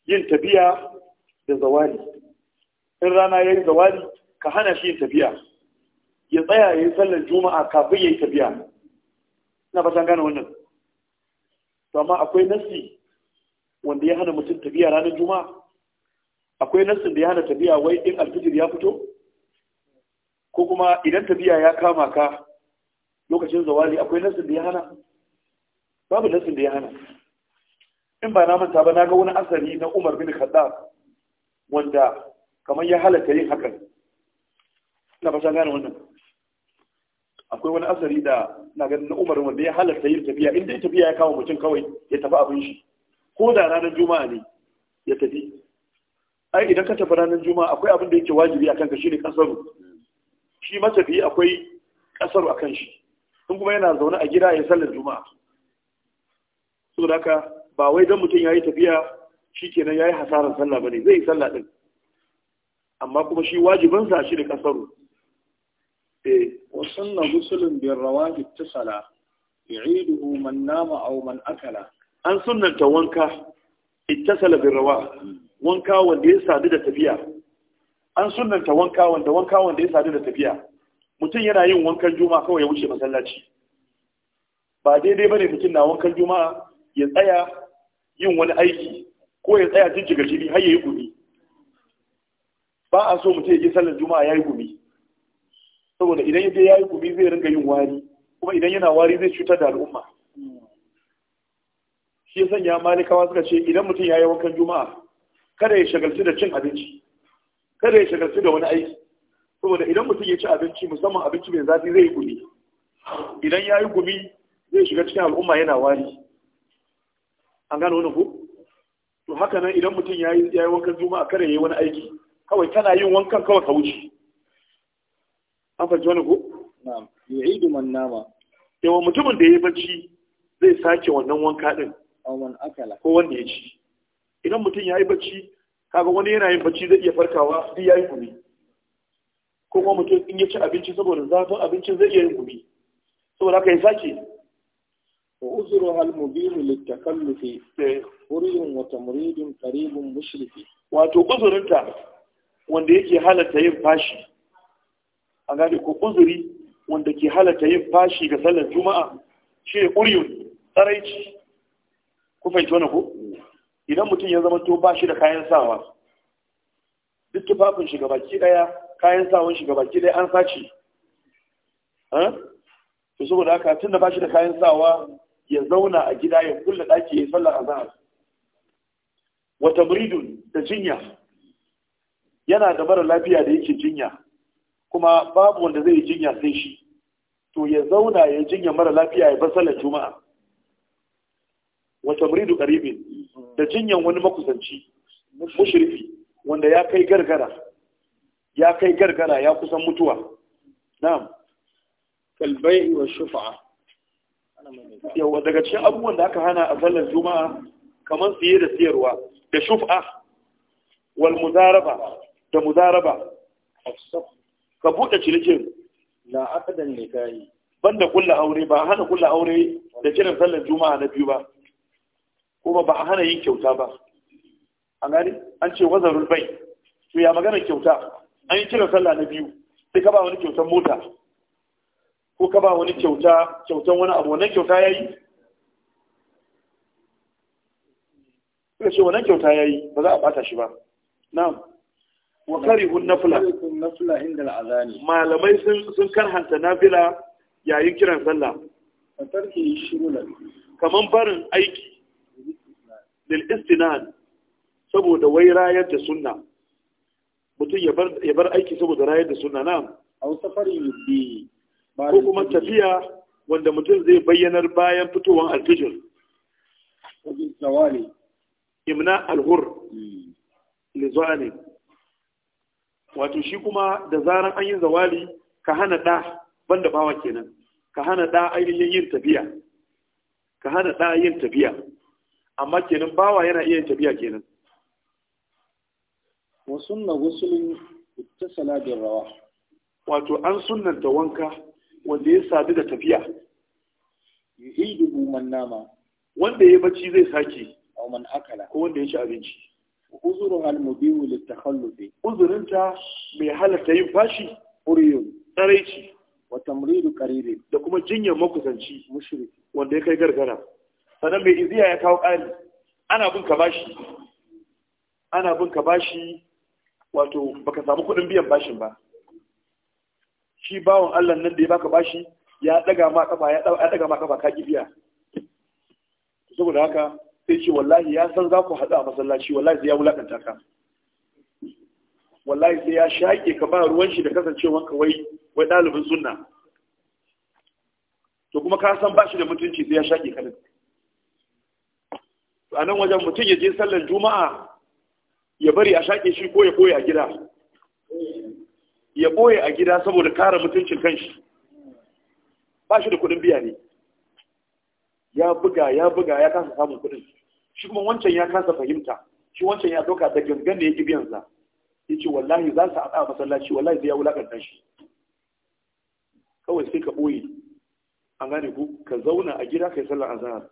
yin tafiya da zawali in rana ya yi zawali ka hana shi yin tafiya ya tsaya ya yi sallar juma'a kafin ya yi tafiya ina fatan gane wannan to amma akwai nasi wanda ya hana mutum tafiya ranar juma'a akwai nassin da ya hana tafiya wai in alfijir ya fito ko kuma idan tafiya ya kama ka lokacin zawali akwai nassin da ya hana babu nassin da ya hana in ba na manta ba na ga wani asali na umar bin khattab wanda kamar ya halatta yin hakan ina fata gane wannan akwai wani asari da na ganin umar wanda ya halatta yin tafiya inda ya tafiya ya kawo mutum kawai ya tafi abin shi ko da ranar juma'a ne ya tafi ai idan ka tafi ranar juma'a akwai abin da yake wajibi akan ka shine kasaru shi matafi akwai kasaru akan shi in kuma yana zaune a gida ya sallar juma'a saboda haka ba wai don mutum ya yi tafiya shi kenan ya yi hasarar sallah ba ne zai yi sallah ɗin amma kuma shi wajibin wajibinsa shi da kasaru eh. wasan na musulun bin rawa ittisala ya'iduhu man nama aw man akala an sunanta wanka ittisala bin rawa wanka wanda ya sadu da tafiya an sunanta wanka wanda wanka wanda ya sadu da tafiya mutum yana yin wankan juma'a kawai ya wuce masallaci ba daidai ba ne mutum na wankan juma'a ya tsaya yin wani aiki ko ya tsaya jijjiga shiri har ya yi gumi ba a so mutum ya je sallar juma'a ya yi gumi saboda idan ya je ya yi gumi zai ringa yin wari kuma idan yana wari zai cutar da al'umma shi ya sanya malikawa suka ce idan mutum ya yi wankan juma'a kada ya shagalci da cin abinci kada ya shagalci da wani aiki saboda idan mutum ya ci abinci musamman abinci mai zafi zai yi gumi idan ya yi gumi zai shiga cikin al'umma yana wari an gano wani ku to haka nan idan mutum ya yi wankan juma'a kare ya yi wani aiki kawai tana yin wankan kawai ka wuce an fahimci wani ko Ya yi duman nama yawan mutumin da ya yi bacci zai sake wannan wanka din ko wanda ya ci idan mutum ya yi bacci kaga wani yana yin bacci zai iya farkawa duk ya yi gumi ko kuma mutum in ya ci abinci saboda zafin abincin zai iya yin gumi saboda haka ya sake وأزرها المبين للتكلف حري وتمريض قريب مشرف wato uzurinta wanda yake halatta yin fashi a gane ko uzuri wanda ke halatta yin fashi ga sallar juma'a shi ne ƙuryun tsaraici ku fahimci wani ko idan mutum ya zama to ba shi da kayan sawa duk tufafin shiga baki ɗaya kayan sawan shiga baki ɗaya an sace to saboda haka tun da ba shi da kayan sawa ya zauna a gida ya kulle daki ya sallar azhar wa tamridun da jinya yana da mara lafiya da yake jinya kuma babu wanda zai jinya sai shi to ya zauna ya jinya mara lafiya ya basala sallar juma'a wa tamridu qaribin da jinyan wani makusanci mushrifi wanda ya kai gargara ya kai gargara ya kusan mutuwa na'am kalbai wa shufa'a yawa daga cikin abubuwan da aka hana a sallar juma'a kamar siye da siyarwa da shuf'a wal muzaraba da muzaraba ka buɗe cilikin la aqdan nikahi banda kulla aure ba hana kulla aure da kiran sallar juma'a na biyu ba kuma ba hana yin kyauta ba an gani an ce wazarul bai to ya magana kyauta an yi kiran sallah na biyu sai ka ba wani kyautar mota ko ka ba wani kyauta kyautan wani abu wannan kyauta yayi suka ce wannan kyauta yayi ba za a bata shi ba na'am wa karihu nafla nafla inda al'azani malamai sun sun karhanta nafila yayin kiran sallah fatarki shugulan kaman barin aiki lil istinan saboda wai rayar da sunna mutum ya bar aiki saboda rayar da sunna na'am aw safari yuddi ko kuma tafiya wanda mutum zai bayyanar bayan fitowar alfijir imna alhur hmm. lizuani wato shi kuma da zaran an yi zawali ka hana ɗa banda bawa kenan ka hana ɗa ainihin yin tafiya ka hana ɗa yin tafiya amma kenan bawa yana iya yin tafiya kenan na wasu ne ta salabin rawa wato an sunanta wanka wanda ya sadu da tafiya dubu man nama wanda ya bacci zai sake a man akala ko wanda ya ci abinci uzuru al mubiu lit takhallufi uzurinta mai halatta yin fashi uriyu tsaraici wa tamridu qariri da kuma jinyar makusanci mushrik wanda ya kai gargara sannan mai iziya ya kawo ƙari ana bin ka bashi ana bin ka bashi wato baka samu kuɗin biyan bashin ba shi bawan Allah nan da ya baka bashi ya daga ma kafa ya daga ma kafa ka kibiya saboda haka sai ce wallahi ya san za ku hadu a masallaci wallahi sai ya wulakanta ka wallahi sai ya shaƙe ka ba ruwan shi da kasancewar ka wai wai ɗalibin sunna to kuma ka san bashi da mutunci sai ya shaƙe ka a nan wajen mutum ya je sallar juma'a ya bari a shaƙe shi ko ya koya a gida ya ɓoye a gida saboda kare mutuncin kanshi ba shi da kuɗin biya ne ya buga ya buga ya kasa samun kuɗin shi kuma wancan ya kasa fahimta shi wancan ya ɗauka da gangan da ya ƙi biyansa ya ce wallahi za su haɗa masallaci wallahi zai ya wulaƙanta shi kawai sai ka ɓoye an gane ku ka zauna a gida ka yi sallar azhar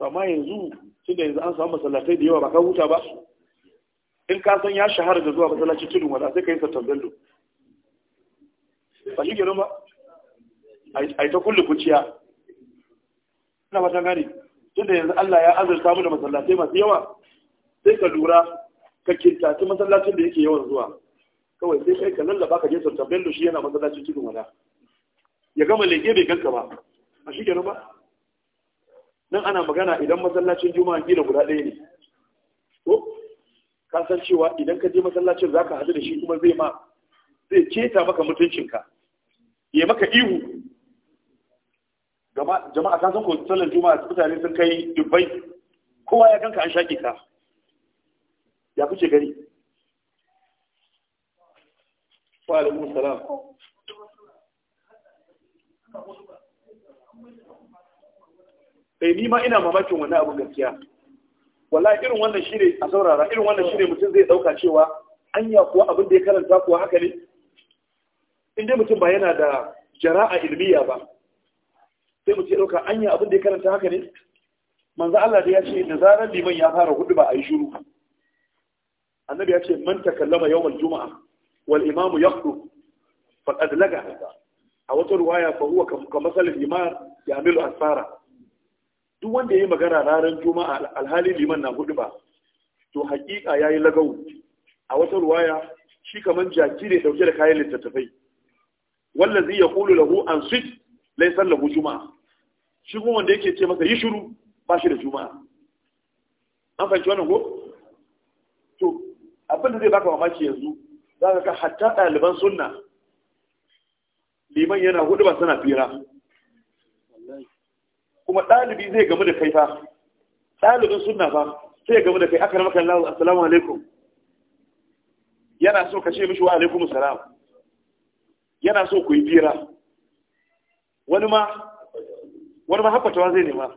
amma yanzu tun da yanzu an samu masallatai da yawa ba ka huta ba in ka san ya shahara da zuwa masallaci tudun wada sai ka yi sattar bello ba shi kenan ba a yi ta kulle kuciya ina fatan gane tunda yanzu Allah ya azurta mu da masallatai masu yawa sai ka lura ka kintaci masallacin da yake yawan zuwa kawai sai kai ka lallaba ka je sultan bello shi yana masallacin cikin wada ya gama lege bai ganka ba a shi kenan ba nan ana magana idan masallacin juma'a gida guda ɗaya ne ko ka san cewa idan ka je masallacin ka haɗu da shi kuma zai ma zai keta maka mutuncinka ya maka ihu jama'a ka san ko sallar juma'a mutane sun kai dubbai kowa ya ganka an shaƙe ka ya kuce gari wa alaikum salam sai eh, ni ma ina mamakin wani abu gaskiya wallahi irin wannan ne a saurara irin wannan ne mutum zai dauka cewa anya kuwa abin da ya karanta kuwa haka ne in dai mutum ba yana da jara'a ilmiya ba sai mu ce ɗauka anya abin da ya karanta haka ne manzo Allah da ya ce da zarar liman ya fara hudu ba a yi shiru annabi ya ce man takallama yawmal juma'a wal imamu yaqdu faqad laga a wata ruwaya fa huwa kamasalin imam ya amilu asfara duk wanda ya yi magana ranar juma'a alhali liman na hudu ba to hakika ya yi lagau a wata ruwaya shi kamar jaki ne dauke da kayan littattafai wallazi yaqulu lahu ansit laysa lahu juma'a shi kuma wanda yake ce masa yi shiru ba shi da juma'a an fahimci wannan ko to abin da zai baka mamaki yanzu za ka ka hatta ɗaliban sunna liman yana hudu ba suna fira kuma ɗalibi zai gamu da kai fa ɗalibin sunna fa sai ya gamu da kai aka ramakan lawo assalamu alaikum yana so ka ce mishi wa alaikum salam yana so ku yi bira wani ma wani ma haɓatawa zai nema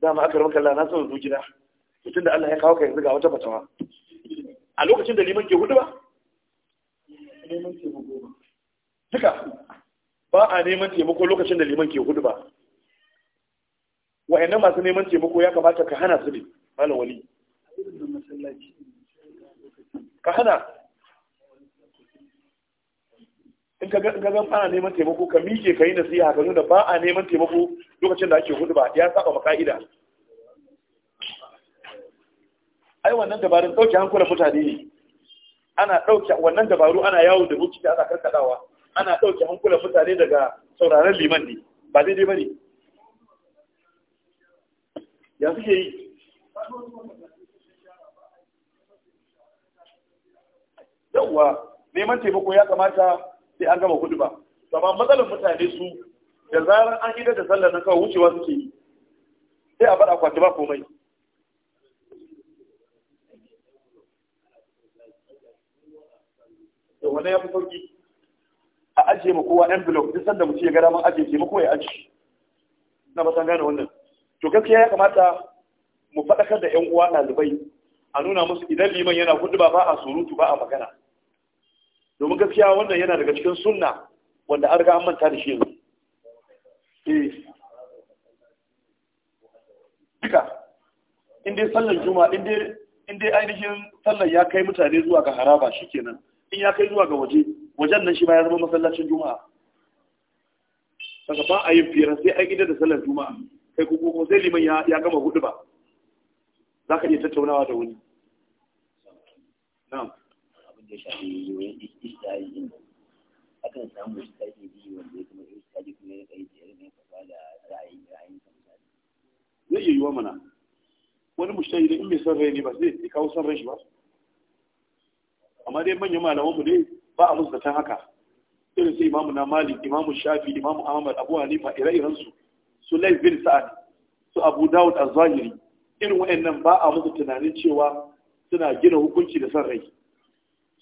dama aka rama kalla na sauran zuciya. mutum da Allah ya kawo ka yanzu ga wata fatawa a lokacin da liman ke hudu ba duka ba a neman taimako lokacin da liman ke hudu ba wa'annan masu neman taimako ya kamata ka hana su ne malam wali ka hana in ka ga ana neman taimako ka miƙe ka yi nasiha ka nuna ba a neman taimako lokacin da ake hudu ba ya saba ma ka'ida ai wannan dabarun ɗauke hankulan mutane ne ana ɗauke wannan dabaru ana yawo da bukiti ana karkadawa ana ɗauke hankulan mutane daga sauraron liman ne ba daidai ba ne ya suke yi yauwa neman taimako ya kamata sai an gama hudu ba Gama matsalar mutane su da zarar an idar da sallar nan kawai wucewa suke yi sai a faɗa kwanci ba komai da wani ya fi sauki a ajiye ma kowa envelope duk sanda mutum ya gara man ajiye taimako ya aji na basan gane wannan to gaskiya ya kamata mu faɗakar da 'yan uwa ɗalibai a nuna musu idan liman yana hudu ba ba a surutu ba a magana domin gaskiya wannan yana daga cikin sunna wanda an riga an manta da shi yanzu eh. duka in dai sallar juma'a in dai ainihin sallar ya kai mutane zuwa ga haraba shikenan in ya kai zuwa ga waje wajen nan shi ma ya zama masallacin juma'a daga ba a yin firar sai an gida da sallar juma'a kai ko kuma sai liman ya gama hudu ba za ka iya tattaunawa da wani na'am ya shafi yoyin ishtihadi din nan akan samu ishtihadi biyu wanda ya kuma ishtihadi kuma ya kai tare da fasa da ra'ayi ra'ayin sa misali zai iya yiwa mana wani mushtahidi da in bai san rai ne ba zai kawo san rai shi ba amma dai manyan malaman mu dai ba a musu da tan haka irin sai imamu na malik imamu shafi imamu ahmad abu hanifa ire-iren su su laif bin sa'ad su abu dawud az-zahiri irin wa'annan ba a musu tunanin cewa suna gina hukunci da san rai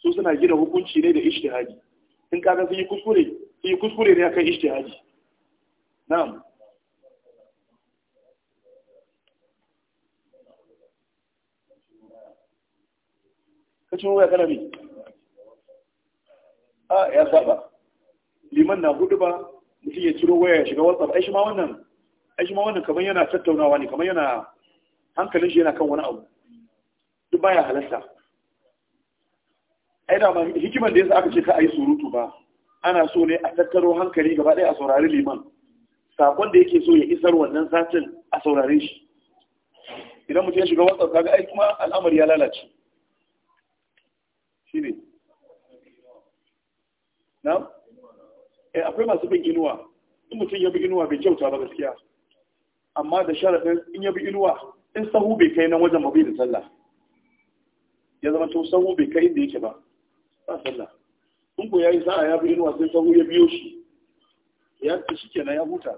su suna gina hukunci ne da ishtihadi in kaga sun yi kuskure su yi kuskure ne akan ishtihadi na'am kacin waya kana bi a ya saba liman na hudu ba mutum ya ciro waya ya shiga whatsapp ai shi ma wannan ai shi ma wannan kamar yana tattaunawa ne kamar yana hankalin shi yana kan wani abu duk baya halarta ai da ma hikiman da yasa aka ce ka ai surutu ba ana so ne a tattaro hankali gaba ɗaya a saurari liman sakon da yake so ya isar wannan satin a saurare shi idan mutum ya shiga whatsapp kaga ai kuma al'amari ya lalace shine na eh akwai masu bin inuwa in mutum ya bi inuwa bai kyauta ba gaskiya amma da sharafin in ya bi inuwa in sahu bai kai nan wajen ba da sallah ya zama to sahu bai kai inda yake ba ba sallah in yayi sa'a ya bi inuwa sai sahu ya biyo shi ya ta shikenan ya huta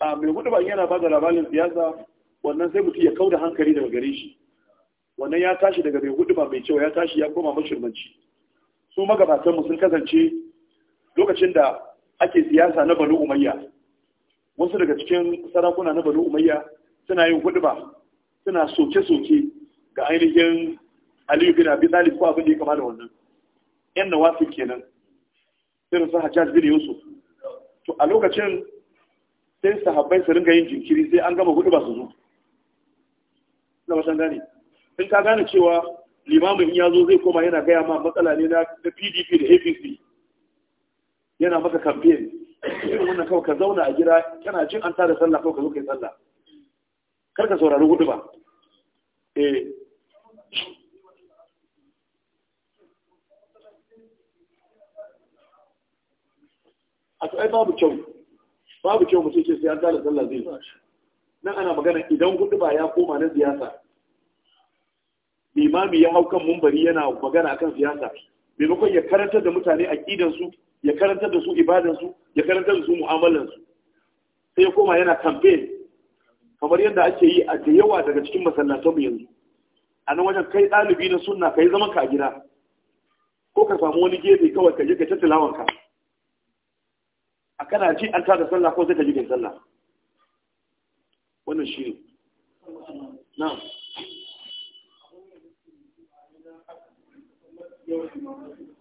a mai hudu ba yana ba da labarin siyasa wannan sai mutum ya kau da hankali daga gare shi wannan ya tashi daga mai hudu ba mai cewa ya tashi ya koma mashirmanci su magabatanmu sun kasance lokacin da ake siyasa na banu umayya wasu daga cikin sarakuna na banu umayya suna yin hudba suna soke-soke ga ainihin aliyu bin abi talib ko abin da ya kama da wannan yan nawafil kenan irin saha hajjaj bin yusuf to a lokacin sai sahabbai su ringa yin jinkiri sai an gama ba su zo na wasan gane in ka gane cewa limamin ya zo zai koma yana gaya ma matsala ne na pdp da apc yana maka kamfen irin wannan kawai ka zauna a gida kana jin an tada sallah kawai ka zo kai sallah kar ka saurari hudu ba eh a tsaye babu kyau babu kyau mutum ce sai an tsara sallah zai nan ana magana idan hudu ba ya koma na siyasa limami ya hau kan mumbari yana magana akan siyasa maimakon ya karantar da mutane a aƙidansu ya karantar da su ibadansu ya karantar da su mu'amalansu sai ya koma yana campaign kamar yadda ake yi a da yawa daga cikin masallatanmu yanzu a nan wajen kai ɗalibi na sunna ka yi zaman ka a gida ko ka samu wani gefe kawai ka je ka ta tilawanka a kana ji an tada sallah ko sai ka ji kai sallah wannan shi ne Thank you.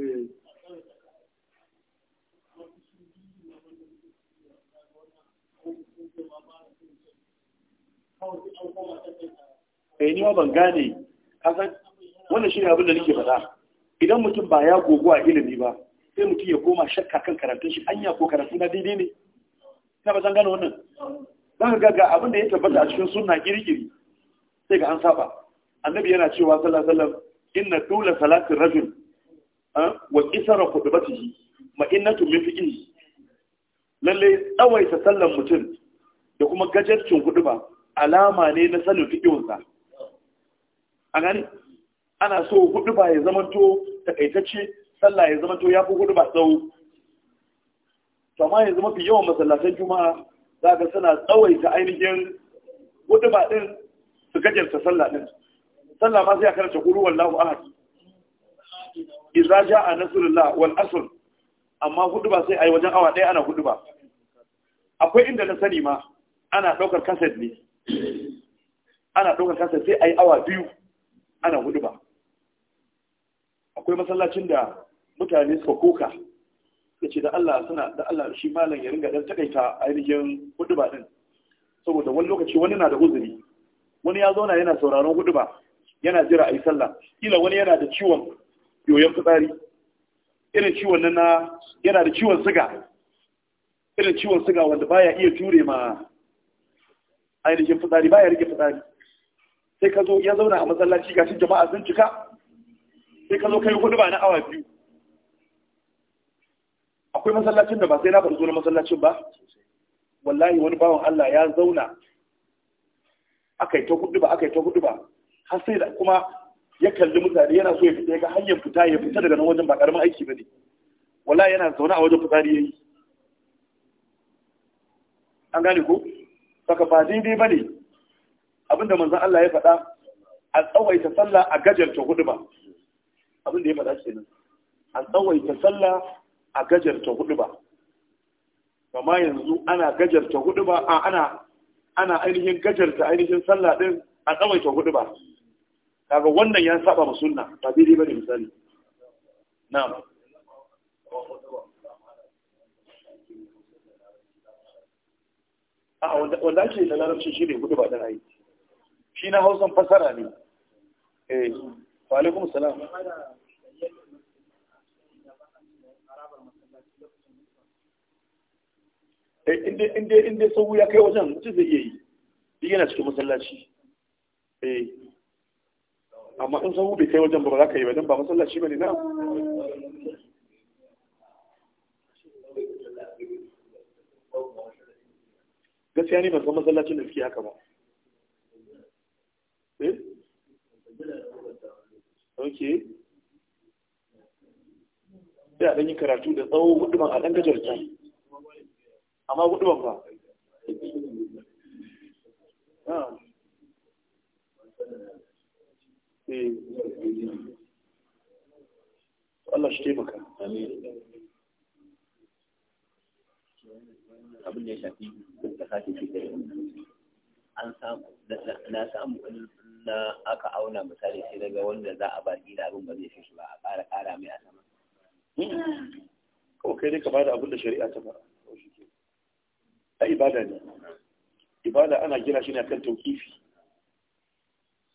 Eh. eh ni ma ban gane wannan shi ne abin da nake faɗa idan mutum ba ya gogo a ilimi ba sai mutum ya koma shakka kan karatun shi anya ko karatu na daidai ne ina ba zan gane wannan zan ga ga abin da ya tabbata a cikin sunna girgiri sai ga an saba annabi yana cewa sallallahu alaihi wasallam inna dula salatin rajul wa kisara kudubatihi ma'innatu min fi'ili lalle tsawaita sallan mutum da kuma gajarcin kuduba alama ne na sanin fi'ilsa a gani ana so kuduba ya zamanto takaitacce sallah ya zamanto ya fi kuduba tsawo to amma ya zama fi yawan masallatan juma'a za ka suna tsawaita ainihin kuduba din su gajarta sallah din sallah ma sai a karanta kuruwan lahu ahadi izaja a nasrullah wal asr amma hudu ba sai yi wajen awa ɗaya ana hudu ba akwai inda na sani ma ana ɗaukar kaset ne ana ɗaukar kaset sai a yi awa biyu ana hudu ba akwai masallacin da mutane suka koka ya ce da Allah suna da Allah shi malam ya ringa dan takaita ainihin hudu ba ɗin. saboda wani lokaci wani na da uzuri wani ya zauna yana sauraron hudu ba yana jira a yi sallah kila wani yana da ciwon yoyon fitsari irin ciwon nan na yana da ciwon siga irin ciwon siga wanda baya iya jure ma ainihin fitsari baya rike fitsari sai ka zo ya zauna a masallaci gashi jama'a sun cika sai ka zo kai hudu ba na awa biyu akwai masallacin da ba sai na faɗi zuwa masallacin ba wallahi wani bawon Allah ya zauna aka yi ta hudu ba aka yi ta hudu ba har sai da kuma ya kalli mutane yana so ya fita ya ga hanyar fita ya fita daga nan wajen ba karamin aiki ba ne wala yana zaune a wajen fitsari ya yi an gane ko saka ba dai ba ne abinda manzan Allah ya faɗa a tsawaita sallah a gajarta hudu ba abinda ya faɗa kenan a tsawaita sallah a gajarta hudu ba kama yanzu ana gajarta hudu ba a ana ana ainihin gajarta ainihin sallah din a tsawaita hudu ba kaga wannan ya saba ma sunna ba daidai bane misali na'am a wanda ake da larabci shi ne gudu ba dan ayi shi na hausan fasara ne eh wa alaikum salam inda inda sau ya kai wajen mutum zai iya yi yana cikin masallaci eh amma in san bai kai wajen ba za ka yi ba don ba masallaci ba ne na gaskiya ne ban san masallacin da suke haka ba eh ok sai a ɗanyi karatu da tsawo ban a ɗan can amma huduman ba Allah shi taimaka abin da ya shafi da sake fitar an samu na samu na aka auna misali sai daga wanda za a baki da abin ba zai fi ba a ƙara ƙara mai a sama kawai kai dai ka bada abin da shari'a ta ba. a ibada ne ibada ana gina shi ne kan tauƙifi